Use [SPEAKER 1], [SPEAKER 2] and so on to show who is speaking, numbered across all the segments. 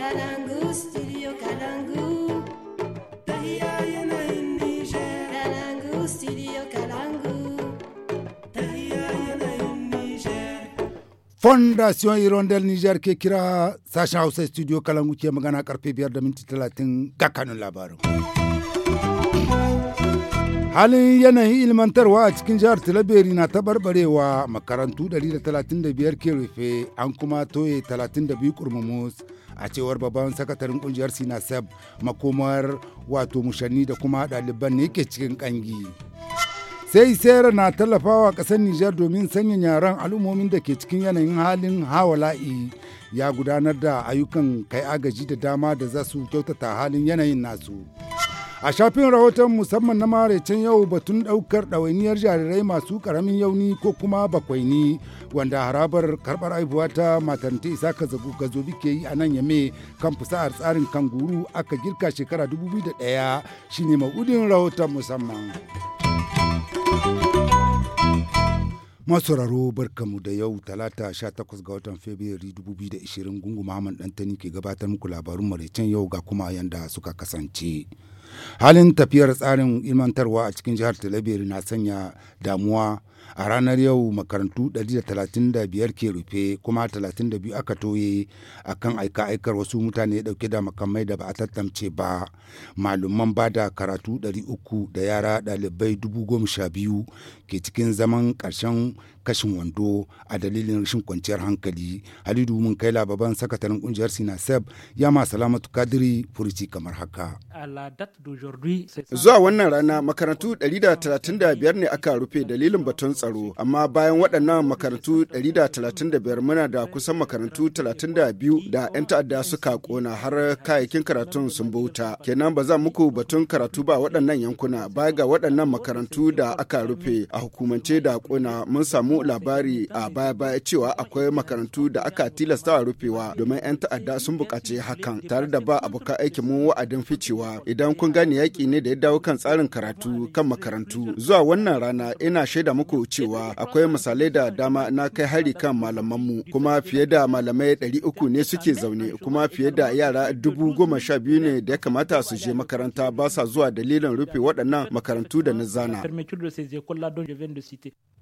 [SPEAKER 1] Kalangu, studio Kalangu. yanayin Kalangu, studio Kalangu.
[SPEAKER 2] yanayin Fondation Irondel Niger ke kira sashen Hausa studio Kalangu ke magana karfe 5 da minti 30 ga kanun labarin. halin yanayin ilmantarwa a cikin jihar talabiri na taɓarɓarewa makarantu 135 ke rufe an kuma toye 32 kurmumus a cewar babban sakataren kungiyar sinasab makomar wato mushanni da kuma ɗaliban ne ke cikin kangi sai sera na tallafawa ƙasar nijar domin sanya yaran al'ummomin da ke cikin yanayin halin hawala'i ya gudanar da ayyukan kai agaji da dama da za su kyautata halin yanayin nasu a shafin rahoton musamman na maraicen yau batun ɗaukar ɗawainiyar jarirai masu ƙaramin yauni ko kuma bakwaini wanda harabar karbar aibuwa ta maternity isa zagu gazobi ke yi a nan yame kan fasahar tsarin kanguru aka girka shekara 2001 shine maudin rahoton musamman. masauraro barkamu da yau talata 18 ga watan fabrairu 2020 gungu muhammad dantani ke gabatar muku labarun maraicen yau ga kuma yanda suka kasance. halin tafiyar tsarin ilmantarwa a cikin jihar talabiri na sanya damuwa a ranar yau makarantu 135 ke rufe kuma 32 aka toye a kan aika-aikar wasu mutane dauke da makamai da ba a tattamce ba malaman ba da karatu 300 da yara dalibai 12,000 ke cikin zaman karshen kashin wando a dalilin rashin kwanciyar hankali halidu mun kai lababan sakatarin kungiyar sinaseb ya ma salamatu kadiri furici kamar haka
[SPEAKER 3] Zuwa wannan rana makarantu 135 ne aka rufe dalilin batun tsaro, amma bayan waɗannan makarantu 135 muna da kusan makarantu 32 da 'yan ta'adda suka kona har kayayyakin karatun sun bauta. Kenan ba za muku batun karatu ba waɗannan yankuna baya ga waɗannan makarantu da aka rufe a hukumance da kona mun samu labari a baya-baya cewa akwai makarantu da aka tilasta rufewa domin 'yan ta'adda sun buƙaci hakan tare da ba abokan mu wa'adin ficewa idan kun ga gane yaƙi ne da ya dawo kan tsarin karatu kan makarantu. Zuwa wannan rana ina shaida muku cewa akwai misalai da dama na kai hari kan malamanmu kuma fiye da malamai ɗari uku ne suke zaune kuma fiye da yara dubu goma sha biyu ne da ya kamata su je makaranta ba sa zuwa dalilin rufe waɗannan makarantu da na zana.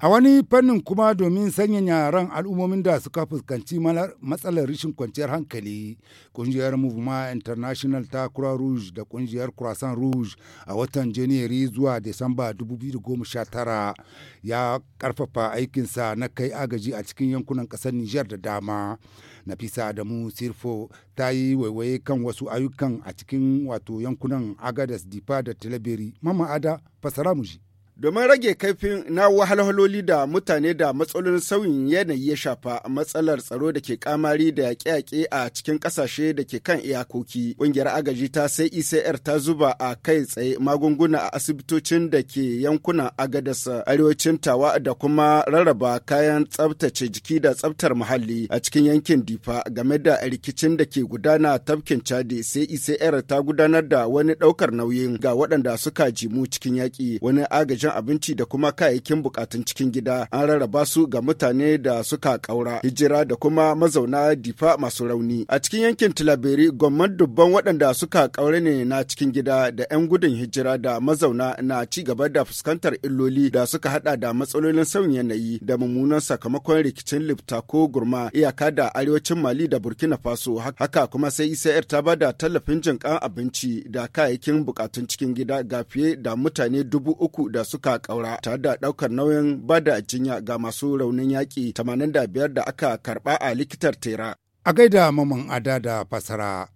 [SPEAKER 3] A
[SPEAKER 2] wani fannin kuma domin sanya yaran al'ummomin da suka fuskanci matsalar rashin kwanciyar hankali, ƙungiyar muvuma International ta Croix Rouge da ƙungiyar Croix wasan rouge a watan janairu zuwa disamba 2019 ya karfafa aikinsa na kai agaji a cikin yankunan kasar niger da dama nafisa adamu sirfo ta yi waiwaye kan wasu ayyukan a cikin wato yankunan agadas
[SPEAKER 3] difa da talabiri mama ada fasara muji Domin rage kaifin na wahalhaloli da mutane da matsalolin sauyin yanayi ya shafa matsalar tsaro da ke kamari da yaƙe-yaƙe a cikin ƙasashe da ke kan iyakoki. Ƙungiyar agaji ta sai ICR e ta zuba a kai tsaye magunguna a asibitocin da ke yankuna Agadas arewacin Tawa da kuma rarraba kayan tsabtace jiki da tsabtar muhalli a cikin yankin Difa game da rikicin da ke gudana tafkin Chadi sai ICR e ta gudanar da wani ɗaukar nauyin ga waɗanda suka jimu cikin yaƙi wani agajin cin abinci da kuma kayayyakin bukatun cikin gida an rarraba su ga mutane da suka kaura hijira da kuma mazauna difa masu rauni a cikin yankin tilaberi gwamman dubban waɗanda suka kaure ne na cikin gida da 'yan gudun hijira da mazauna na ci gaba da fuskantar illoli da suka hada da matsalolin sauyin yanayi da mummunan sakamakon rikicin lifta ko gurma iyaka da arewacin mali da burkina faso haka kuma sai isa'ir e ta ba da tallafin jinkan abinci da kayayyakin bukatun cikin gida ga fiye da mutane dubu uku da suka suka kaura tare da daukar nauyin bada jinya ga masu raunin yaƙi 85 da aka karɓa a likitar tera. A gaida maman ada da fasara.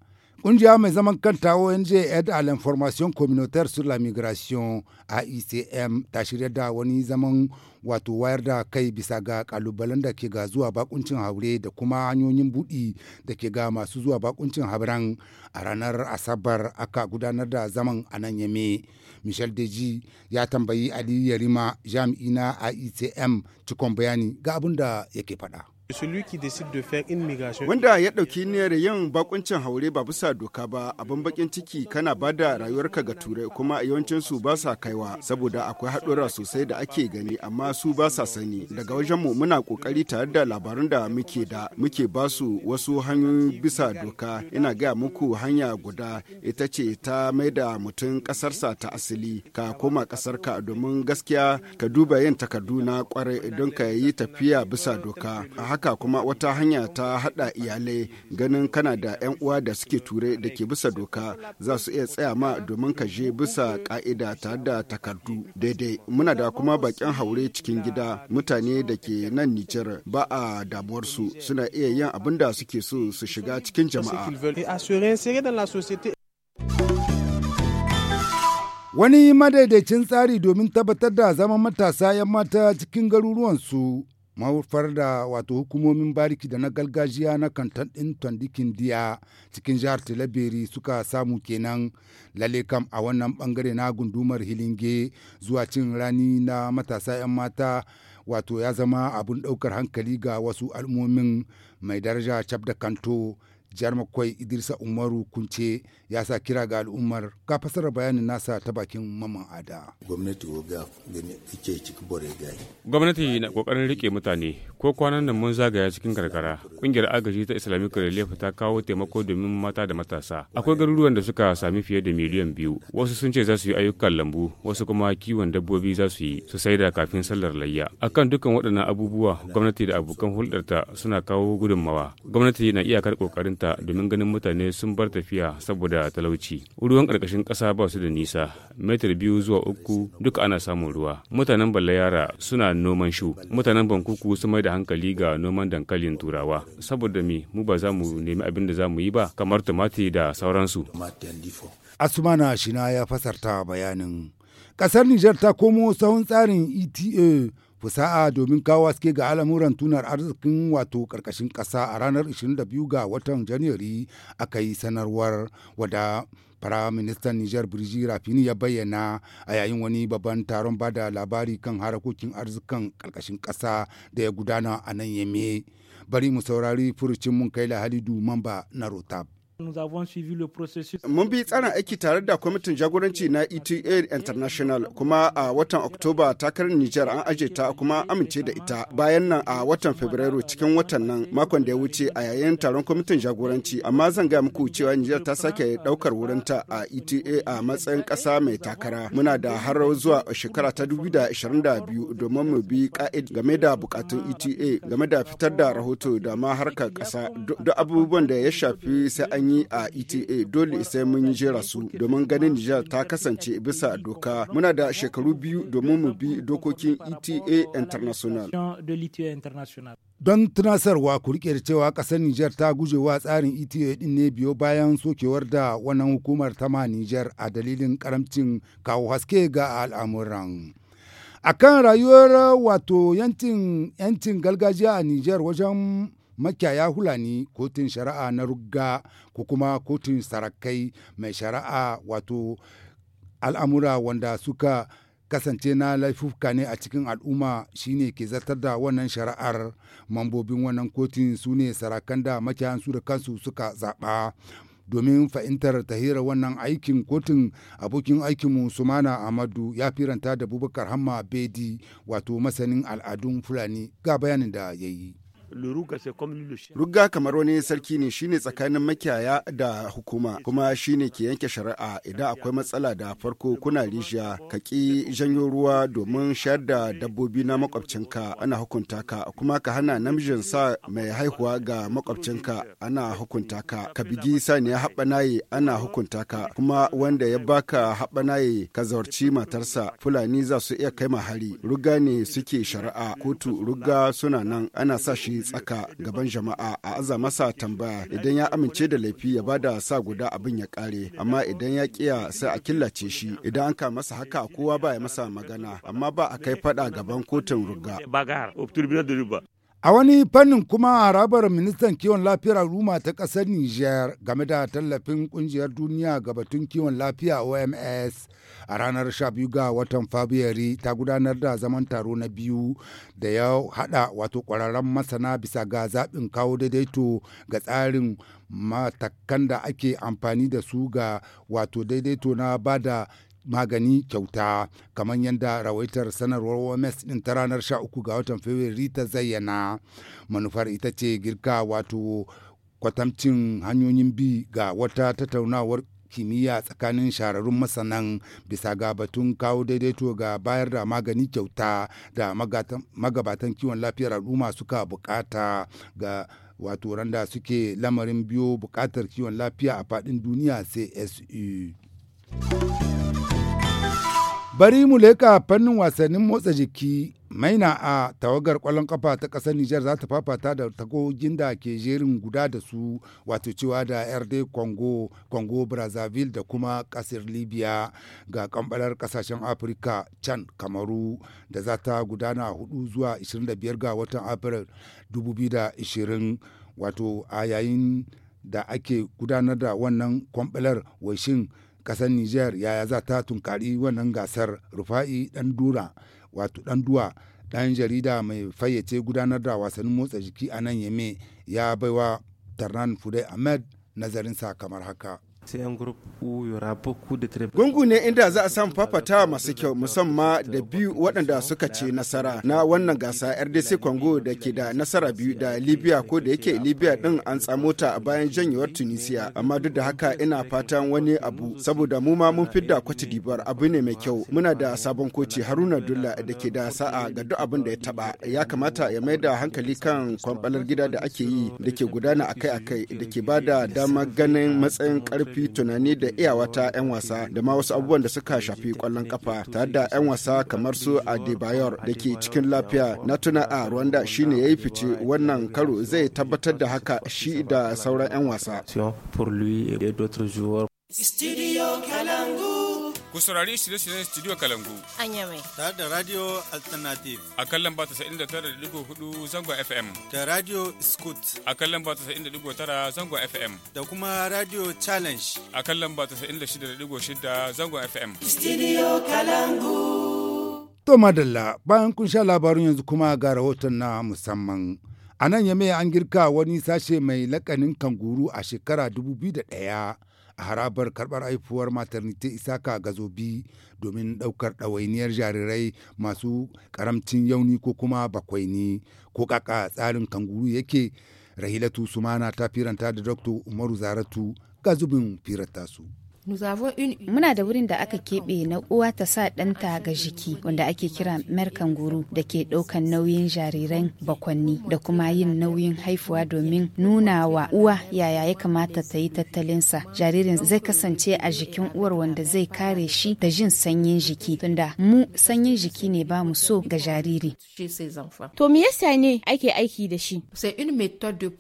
[SPEAKER 2] Ƙungiya mai zaman kanta ONG Ed à l'information communautaire sur la migration AICM ta shirya da wani zaman wato wayar da kai bisa ga kalubalen da ke ga zuwa bakuncin haure da kuma hanyoyin buɗi da ke ga masu zuwa bakuncin hauren a ranar Asabar aka gudanar da zaman a nan Yame. michel deji ya tambayi ali yarima jami'i na aicm cikon bayani ga abin da yake faɗa.
[SPEAKER 1] Wanda
[SPEAKER 3] ya dauki niyyar yin bakuncin haure ba bisa doka ba abin bakin ciki kana bada da rayuwarka ga turai kuma yawancinsu ba sa kaiwa saboda akwai haɗura sosai da ake gani amma su ba sa sani daga wajen mu muna kokari tare da labarin da muke da muke ba su wasu hanyoyi bisa doka ina gaya muku hanya guda ita ce ta mai da mutum ƙasarsa ta asali ka koma ƙasarka domin gaskiya ka duba yin takardu na kwarai don ka yi tafiya bisa doka. haka kuma wata hanya ta haɗa iyalai ganin kana da 'yan uwa da suke ture da ke bisa doka za su iya tsaya ma domin ka je bisa ka'ida tare da takardu daidai muna da kuma bakin haure cikin gida mutane da ke nan nijar ba a damuwarsu suna iya yin abin da suke so su shiga cikin jama'a
[SPEAKER 2] Wani madaidaicin tsari domin tabbatar da zaman matasa 'yan mata cikin garuruwansu mawufar da wato hukumomin bariki da na gargajiya na kantan ɗin tandikin diya cikin jihar talabiri suka samu kenan lalekam a wannan bangare na gundumar hilinge zuwa cin rani na matasa 'yan mata wato ya zama abun ɗaukar hankali ga wasu al'ummomin mai daraja cap da kanto jihar makwai idrisa umaru kunce ya sa kira ga al'ummar ga fasara bayanin nasa ta bakin maman ada gwamnati ga ike cikin bore
[SPEAKER 1] gwamnati na kokarin rike mutane ko kwanan nan mun zagaya cikin karkara kungiyar agaji ta islamic relief ta kawo taimako domin mata da matasa akwai garuruwan da suka sami fiye da miliyan biyu wasu sun ce za su yi ayyukan lambu wasu kuma kiwon dabbobi za su yi su saida kafin sallar layya akan dukkan waɗannan abubuwa gwamnati da abokan hulɗarta suna kawo gudunmawa gwamnati na iyakar kokarin ta domin ganin mutane sun bar tafiya saboda talauci ruwan ƙarƙashin ƙasa ba su da nisa metar biyu zuwa uku duka ana samun ruwa mutanen balla yara suna noman shu mutanen bankuku sun mai da hankali ga noman dankalin turawa saboda me mu ba za mu nemi abin da za mu yi ba kamar tumatir da sauransu
[SPEAKER 2] asumana shina ya fasarta bayanin ƙasar nijar ta komo sahun tsarin eta fusa'a domin kawo haske ga al'amuran tunar arzikin wato karkashin ƙasa a ranar 22 ga watan janairu aka yi sanarwar wada Firaministan Nijar Birji Rafini ya bayyana a yayin wani babban taron bada labari kan harakokin arzikan ƙarƙashin ƙasa da ya gudana a nan yame. Bari mu saurari furucin mun kai Halidu Mamba na Rotab.
[SPEAKER 3] Mun bi tsarin aiki tare da kwamitin jagoranci na ETA International kuma a watan Oktoba takarar Nijar an aje ta kuma amince da ita bayan nan a watan Fabrairu cikin watan nan makon da ya wuce a yayin taron kwamitin jagoranci amma zan ga muku cewa Nijar ta sake daukar wurinta a ETA a matsayin kasa mai takara. Muna da har zuwa shekara ta 2022 domin mu bi ka'id game da bukatun ETA game da fitar da rahoto da ma harkar kasa duk abubuwan da ya shafi sai an yi yi a ETA dole sai mun jera su domin ganin Nijar ta kasance bisa doka. Muna da shekaru biyu domin mu bi dokokin ETA International. Don tunasarwa ku rike cewa ƙasar Nijar ta gujewa
[SPEAKER 2] tsarin ETA din ne biyo bayan sokewar da wannan hukumar tama ma Nijar a dalilin karamcin kawo haske ga al'amuran. A kan rayuwar wato yancin galgajiya a Nijar wajen makiyaya hulani kotun shari'a na rugga ko kuma kotun sarakai mai shari'a wato al'amura wanda suka kasance na laifuka ne a cikin al'umma shine ke zartar da wannan shari'ar mambobin wannan kotun su ne sarakan da makiyayan su da kansu suka zaɓa domin fahimtar ta hira wannan aikin kotun abokin aikinmu sumana amadu ya firanta da bubakar hamma bedi wato masanin al'adun
[SPEAKER 3] fulani ga bayanin da ya yi Rugga kamar wani sarki ne shine tsakanin makiyaya da hukuma kuma shine ke yanke shari'a idan akwai matsala da farko kuna rijiya ka ki janyo ruwa domin shayar da dabbobi na makwabcinka ana hukunta ka kuma ka hana namijin sa mai haihuwa ga makwabcinka ana hukunta ka ka bigi saniya haɓanaye ana hukunta ka kuma wanda ya baka haɓanaye ka zawarci matarsa fulani za su iya kai ma hari rugga ne suke shari'a kotu rugga suna nan ana sa shi tsaka gaban jama'a a aza masa tambaya idan ya amince da laifi ya bada sa guda abin ya kare amma idan ya kiya sai a killace shi idan an ka masa haka kowa ba ya masa magana amma ba a kai fada gaban kotun ruga. A wani fannin kuma harabar
[SPEAKER 2] ministan kiwon lafiyar al'umma ta ƙasar Nijar game da tallafin ƙungiyar duniya ga batun kiwon lafiya OMS a ranar 12 ga watan Fabrairu ta gudanar da zaman taro na biyu da ya haɗa wato ƙwararren masana bisa ga zaɓin kawo daidaito ga tsarin matakan da ake amfani da su ga wato daidaito na bada magani kyauta kamar yadda rawaitar sanarwar OMS din ta ranar 13 ga watan Fabrairu ta zayyana manufar ita ce girka wato kwatamcin hanyoyin bi ga wata tattaunawar kimiyya tsakanin shahararrun masanan bisa ga batun kawo daidaito ga bayar da magani kyauta da magabatan kiwon lafiyar al'umma suka bukata ga wato randa suke lamarin biyo bukatar kiwon lafiya a faɗin duniya csu Bari mu leka fannin wasannin motsa jiki maina a tawagar kwallon kafa ta ƙasar Nijar za ta fafata da tagogin da ke jerin guda da su wato cewa da RD Congo, Congo Brazzaville da kuma ƙasar Libya ga kambalar ƙasashen Afirka can Kamaru da za ta gudana hudu zuwa 25 ga watan Afirar 2020 wato a yayin da ake gudanar da wannan kwambalar washin ƙasar niger yaya za ta tunkari wannan gasar rufa'i dan dura wato dan duwa ɗan jarida mai fayyace gudanar da wasannin motsa jiki a nan yame ya baiwa tarnan fude
[SPEAKER 3] ahmed nazarinsa kamar haka Gungu ne inda za a samu fafatawa masu kyau musamman da biyu waɗanda suka ce nasara na wannan gasa RDC Congo da ke da nasara biyu da Libya ko da yake Libya din an tsamo ta bayan janyewar Tunisia amma duk da haka ina fatan wani abu saboda mu ma mun fidda kwaci dibar abu ne mai kyau muna da sabon koci Haruna Dulla da ke da sa'a ga duk abin da ya taba ya kamata ya mai da hankali kan kwamfalar gida da ake yi da ke gudana akai-akai da ke bada dama ganin matsayin ƙarfi shafi tunani da iyawa ta 'yan wasa da ma wasu abubuwan da suka shafi kwallon kafa tare da 'yan wasa kamar su adebayor da ke cikin lafiya na tuna a rwanda shine ya yi fice wannan karo zai tabbatar da haka shi da sauran 'yan wasa.
[SPEAKER 1] Studio Kalangu. Ku saurari shirye-shiryen Studio Kalangu. Anya mai. Tare da Radio Alternative. A kan lamba hudu zangon FM. Da Radio Scoot. A kan lamba tara zangon FM. Da kuma Radio Challenge. A kan lamba shida zangon FM. Studio Kalangu.
[SPEAKER 2] To madalla bayan kun sha labarin yanzu kuma ga rahoton na musamman. A nan Yame an girka wani sashe mai lakanin kanguru a shekara 2001. harabar karbar haifuwar maternity isaka gazobi domin daukar ɗawainiyar jarirai masu karamcin yauni ko kuma bakwaini ko kaka tsarin kanguru yake rahilatu sumana ta firanta da dr umaru zaratu ga zubin firanta su.
[SPEAKER 4] Muna da wurin da aka keɓe na uwa ta sa ɗanta ga jiki wanda ake kira merkan guru da ke ɗaukan nauyin jariran bakwanni da kuma yin nauyin haifuwa domin nuna wa uwa yaya ya kamata ta yi tattalinsa. Jaririn zai kasance a jikin uwar wanda zai kare shi da jin sanyin jiki tunda mu sanyin jiki ne ba mu so ga jariri. To me yasa ne ake aiki da shi?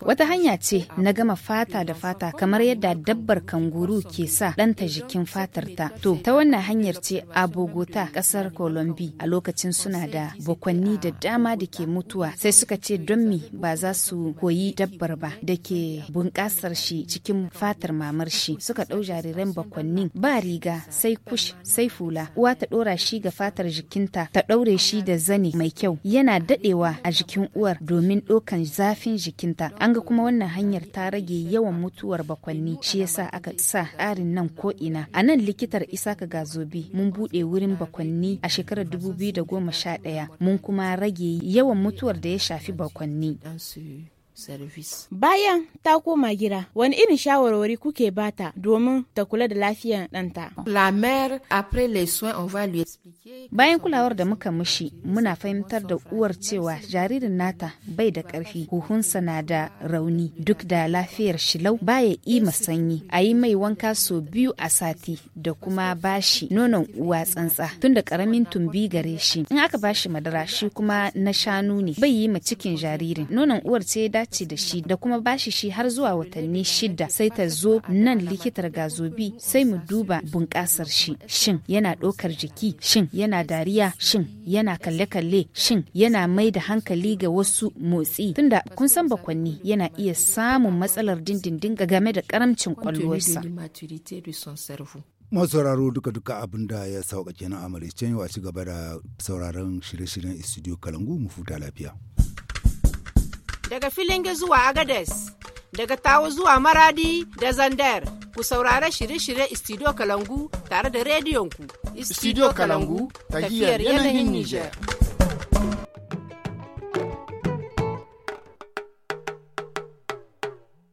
[SPEAKER 4] Wata hanya ce na gama fata da fata kamar yadda dabbar kanguru ke sa ɗan ganta jikin fatarta. To, ta wannan hanyar ce a Bogota, ƙasar kolombi a lokacin suna da bakwanni da dama da ke mutuwa sai suka ce don mi ba za su koyi dabbar ba da ke bunƙasar shi cikin fatar mamar shi suka ɗau jariran bakwannin ba riga sai kush sai fula uwa ta ɗora shi ga fatar jikinta ta ɗaure shi da zane mai kyau yana daɗewa a jikin uwar domin ɗaukan zafin jikinta an ga kuma wannan hanyar ta rage yawan mutuwar bakwanni shi yasa aka sa tsarin nan ko'ina. A nan likitar Isaka Gazobi mun buɗe wurin bakwanni a shekarar 2011 mun kuma rage yawan mutuwar da ya shafi bakwanni. service. Bayan ta koma gida, wani irin shawarwari kuke bata domin ta kula da lafiyar ɗanta? La mère après les soins on va lui expliquer. Bayan kulawar da muka mushi, muna fahimtar da uwar cewa jaririn nata bai da ƙarfi, huhunsa na da rauni duk da lafiyar shilau baya ima sanyi. A yi mai wanka sau biyu a sati da kuma bashi nonon uwa tsantsa tun da karamin tumbi gare shi. In aka bashi madara shi kuma na shanu ne bai yi ma cikin jaririn. Nonon uwar ce ya dace dace da shi da kuma bashi shi har zuwa watanni shida sai ta zo nan likitar gazobi sai mu duba bunƙasar shi shin yana ɗaukar jiki shin yana dariya shin yana kalle-kalle shin yana mai da hankali ga wasu motsi tunda kun san bakwanni yana iya samun matsalar dindindin game da karamcin kwallonsa.
[SPEAKER 2] sauraro duka-duka abin da ya sauka na a Malaysia yau a ci gaba da sauraron shirye-shiryen studio Kalangu mu futa lafiya.
[SPEAKER 4] daga Filinge zuwa Agades, daga Tawo zuwa Maradi da Zandar. Ku saurara shirye-shirye Studio Kalangu tare da rediyonku.
[SPEAKER 3] Studio Kalangu, tafiyar yanayin Nijar.